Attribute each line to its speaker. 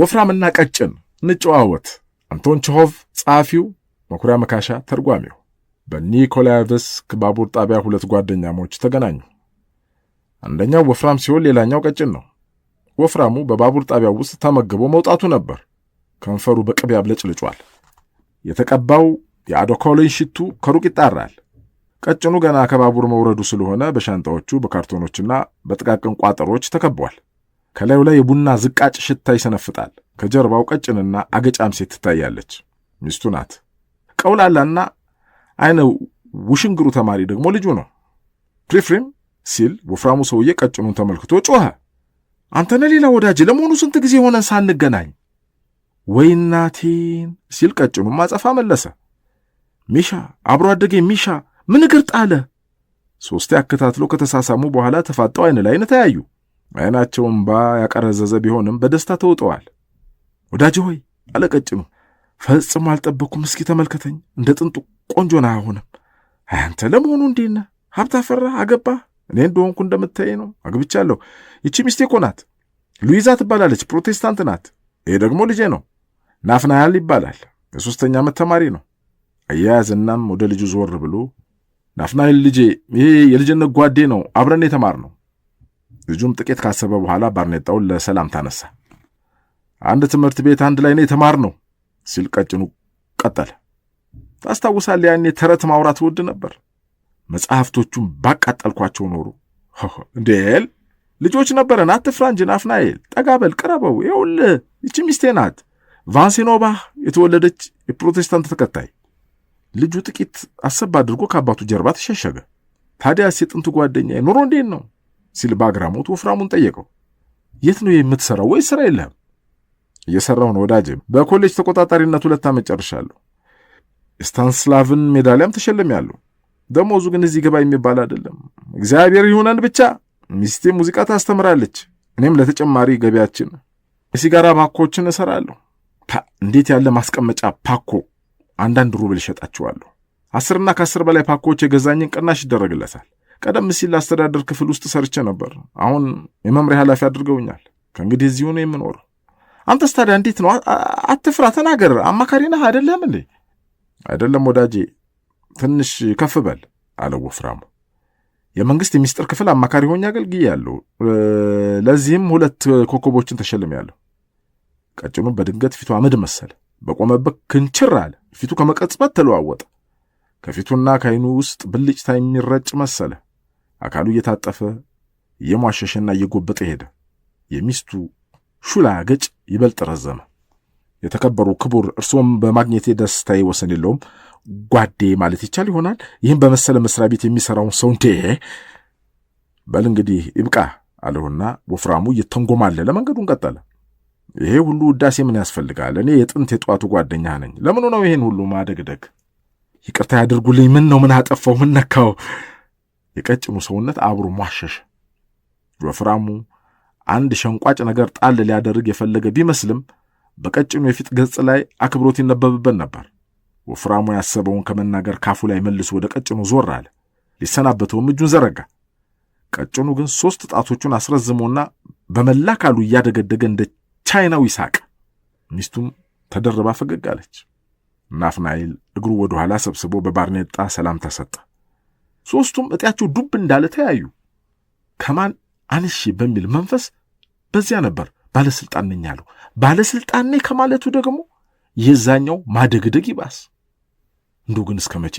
Speaker 1: ወፍራምና ቀጭን እንጨዋወት አንቶን ቸሆቭ ጸሐፊው፣ መኩሪያ መካሻ ተርጓሚው። በኒኮላየቭስክ ባቡር ጣቢያ ሁለት ጓደኛሞች ተገናኙ። አንደኛው ወፍራም ሲሆን ሌላኛው ቀጭን ነው። ወፍራሙ በባቡር ጣቢያው ውስጥ ተመግቦ መውጣቱ ነበር። ከንፈሩ በቅቤ አብለጭልጯል። የተቀባው የአዶኮሊን ሽቱ ከሩቅ ይጣራል። ቀጭኑ ገና ከባቡር መውረዱ ስለሆነ በሻንጣዎቹ በካርቶኖችና በጥቃቅን ቋጠሮች ተከቧል። ከላዩ ላይ የቡና ዝቃጭ ሽታ ይሰነፍጣል። ከጀርባው ቀጭንና አገጫም ሴት ትታያለች። ሚስቱ ናት። ቀውላላና አይነ ውሽንግሩ ተማሪ ደግሞ ልጁ ነው። ፕሪፍሪም ሲል ወፍራሙ ሰውዬ ቀጭኑን ተመልክቶ ጮኸ። አንተነ ሌላ ወዳጅ፣ ለመሆኑ ስንት ጊዜ ሆነን ሳንገናኝ? ንገናኝ። ወይናቴን ሲል ቀጭኑም አጸፋ መለሰ። ሚሻ አብሮ አደጌ ሚሻ ምን እግር ጣለ? ሦስቴ አከታትለው ከተሳሳሙ በኋላ ተፋጠው አይን ላይን ተያዩ። ዓይናቸው እምባ ያቀረዘዘ ቢሆንም በደስታ ተውጠዋል። ወዳጅ ሆይ አለቀጭኑ ፈጽሞ አልጠበቅኩም። እስኪ ተመልከተኝ፣ እንደ ጥንቱ ቆንጆ ነህ። አሁንም አንተ ለመሆኑ እንዴት ነህ? ሀብት አፈራ አገባ እኔ እንደሆንኩ እንደምታይ ነው። አግብቻለሁ። ይቺ ሚስቴ እኮ ናት፣ ሉዊዛ ትባላለች። ፕሮቴስታንት ናት። ይሄ ደግሞ ልጄ ነው፣ ናፍናያል ይባላል። የሦስተኛ ዓመት ተማሪ ነው። አያያዝናም ወደ ልጁ ዞር ብሎ ናፍናኤል ልጄ፣ ይሄ የልጅነት ጓዴ ነው፣ አብረን የተማር ነው ልጁም ጥቂት ካሰበ በኋላ ባርኔጣውን ለሰላም ታነሳ። አንድ ትምህርት ቤት አንድ ላይ ነው የተማርነው ሲል ቀጭኑ ቀጠለ። ታስታውሳለህ? ያኔ ተረት ማውራት ውድ ነበር። መጽሐፍቶቹም ባቃጠልኳቸው ኖሩ። እንዴል ልጆች ነበረን። አትፍራ እንጂ ናፍናኤል፣ ጠጋበል፣ ቅረበው። ይኸውልህ ይቺ ሚስቴ ናት፣ ቫንሲኖባህ የተወለደች የፕሮቴስታንት ተከታይ። ልጁ ጥቂት አሰብ አድርጎ ከአባቱ ጀርባ ተሸሸገ። ታዲያስ የጥንቱ ጓደኛ ኑሮ እንዴት ነው? ሲል በአግራሞት ወፍራሙን ጠየቀው። የት ነው የምትሰራው? ወይ ስራ የለህም? እየሰራሁ ነው ወዳጅም። በኮሌጅ ተቆጣጣሪነት ሁለት ዓመት ጨርሻለሁ። ስታንስላቭን ሜዳሊያም ተሸልሜያለሁ። ደሞዙ ግን እዚህ ገባ የሚባል አይደለም። እግዚአብሔር ይሁነን ብቻ። ሚስቴ ሙዚቃ ታስተምራለች፣ እኔም ለተጨማሪ ገቢያችን የሲጋራ ፓኮችን እሰራለሁ። እንዴት ያለ ማስቀመጫ ፓኮ! አንዳንድ ሩብል እሸጣችኋለሁ። አስርና ከአስር በላይ ፓኮዎች የገዛኝን ቅናሽ ይደረግለታል። ቀደም ሲል ለአስተዳደር ክፍል ውስጥ ሰርቼ ነበር። አሁን የመምሪያ ኃላፊ አድርገውኛል። ከእንግዲህ እዚሁ ነው የምኖረው። አንተስ ታዲያ እንዴት ነው? አትፍራ፣ ተናገር። አማካሪ ነህ አይደለም እንዴ? አይደለም ወዳጄ፣ ትንሽ ከፍ በል አለው ወፍራሙ። የመንግስት የሚስጥር ክፍል አማካሪ ሆኜ አገልግያለሁ። ለዚህም ሁለት ኮከቦችን ተሸልሜያለሁ። ቀጭኑ በድንገት ፊቱ አመድ መሰለ። በቆመበት ክንችር አለ። ፊቱ ከመቀጽበት ተለዋወጠ። ከፊቱና ከዓይኑ ውስጥ ብልጭታ የሚረጭ መሰለ። አካሉ እየታጠፈ እየሟሸሸና እየጎበጠ ሄደ። የሚስቱ ሹላ ገጭ ይበልጥ ረዘመ። የተከበሩ ክቡር፣ እርሶም በማግኘቴ ደስታዬ ወሰን የለውም። ጓዴ ማለት ይቻል ይሆናል። ይህም በመሰለ መስሪያ ቤት የሚሰራውን ሰው እንዴ! በል እንግዲህ ይብቃ አለሁና ወፍራሙ እየተንጎማለለ መንገዱን ቀጠለ። ይሄ ሁሉ ውዳሴ ምን ያስፈልጋል? እኔ የጥንት የጠዋቱ ጓደኛ ነኝ። ለምኑ ነው ይሄን ሁሉ ማደግደግ? ይቅርታ ያድርጉልኝ። ምን ነው ምን አጠፋው? ምን ነካው? የቀጭኑ ሰውነት አብሮ ሟሸሸ። ወፍራሙ አንድ ሸንቋጭ ነገር ጣል ሊያደርግ የፈለገ ቢመስልም በቀጭኑ የፊት ገጽ ላይ አክብሮት ይነበብበት ነበር። ወፍራሙ ያሰበውን ከመናገር ካፉ ላይ መልሶ ወደ ቀጭኑ ዞር አለ። ሊሰናበተውም እጁን ዘረጋ። ቀጭኑ ግን ሦስት ጣቶቹን አስረዝሞና በመላ ካሉ እያደገደገ እንደ ቻይናው ይሳቅ። ሚስቱም ተደርባ ፈገግ አለች። ናፍናኤል እግሩ ወደ ኋላ ሰብስቦ በባርኔጣ ሰላምታ ሰጠ። ሦስቱም ዕጢያቸው ዱብ እንዳለ ተያዩ። ከማን አንሼ በሚል መንፈስ በዚያ ነበር ባለሥልጣን ነኝ አለው። ባለሥልጣን ነኝ ከማለቱ ደግሞ የዛኛው ማደግደግ ይባስ። እንዲሁ ግን እስከ መቼ?